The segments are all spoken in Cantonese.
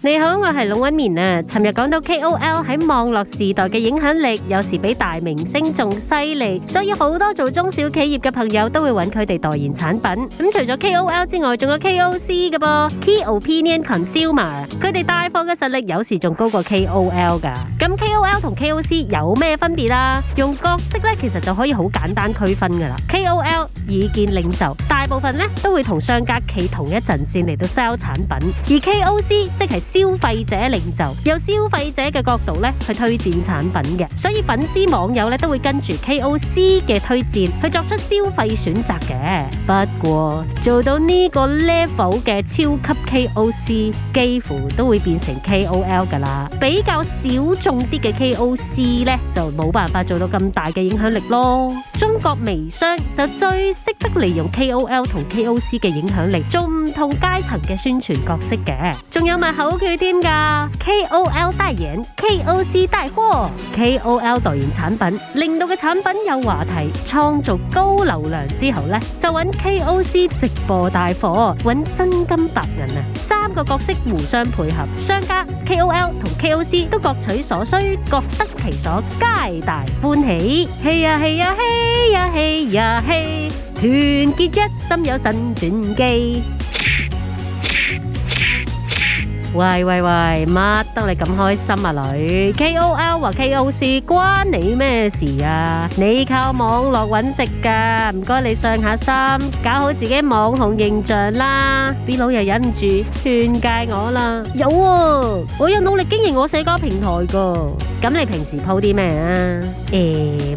你好，我係龍紋敏啊。尋日講到 K O L 喺網絡時代嘅影響力，有時比大明星仲犀利，所以好多做中小企業嘅朋友都會揾佢哋代言產品。咁除咗 K O L 之外，仲有 K O C 嘅噃，Key Opinion Consumer，佢哋帶貨嘅實力有時仲高過 K O L 噶。咁 K O L 同 K O C 有咩分別啊？用角色呢，其實就可以好簡單區分噶啦。K O L 意見領袖。部分咧都會同商家企同一陣線嚟到 sell 產品，而 KOC 即係消費者領袖，由消費者嘅角度咧去推薦產品嘅，所以粉絲網友咧都會跟住 KOC 嘅推薦去作出消費選擇嘅。不過做到呢個 level 嘅超級 KOC，幾乎都會變成 KOL 㗎啦。比較小眾啲嘅 KOC 咧就冇辦法做到咁大嘅影響力咯。中國微商就最識得利用 KOL。都同 KOC 嘅影響力做唔同階層嘅宣傳角色嘅，仲有埋口訣添㗎，KOL 代言，KOC 帶貨，KOL 代言產品，令到嘅產品有話題，創造高流量之後呢，就揾 KOC 直播帶貨，揾真金白銀啊！三個角色互相配合，商家 KOL 同 KOC 都各取所需，各得其所，皆大歡喜。嘿呀嘿呀嘿呀嘿呀嘿！團結一心有神轉機。喂喂喂，乜得你咁開心啊女？K O L 或 K O C 關你咩事啊？你靠網絡揾食噶，唔該你上下心，搞好自己網紅形象啦。啲老友又忍唔住勸誡我啦。有，我有努力經營我社交平台噶。咁你平時鋪啲咩啊？誒。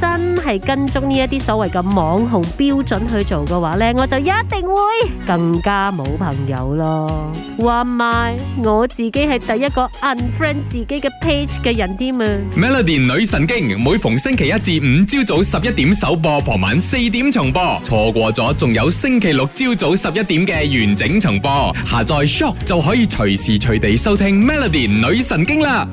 真係跟蹤呢一啲所謂嘅網紅標準去做嘅話呢，我就一定會更加冇朋友咯。話埋我自己係第一個 unfriend 自己嘅 page 嘅人添啊。Melody 女神經每逢星期一至五朝早十一點首播，傍晚四點重播，錯過咗仲有星期六朝早十一點嘅完整重播。下載 Shock 就可以隨時隨地收聽 Melody 女神經啦。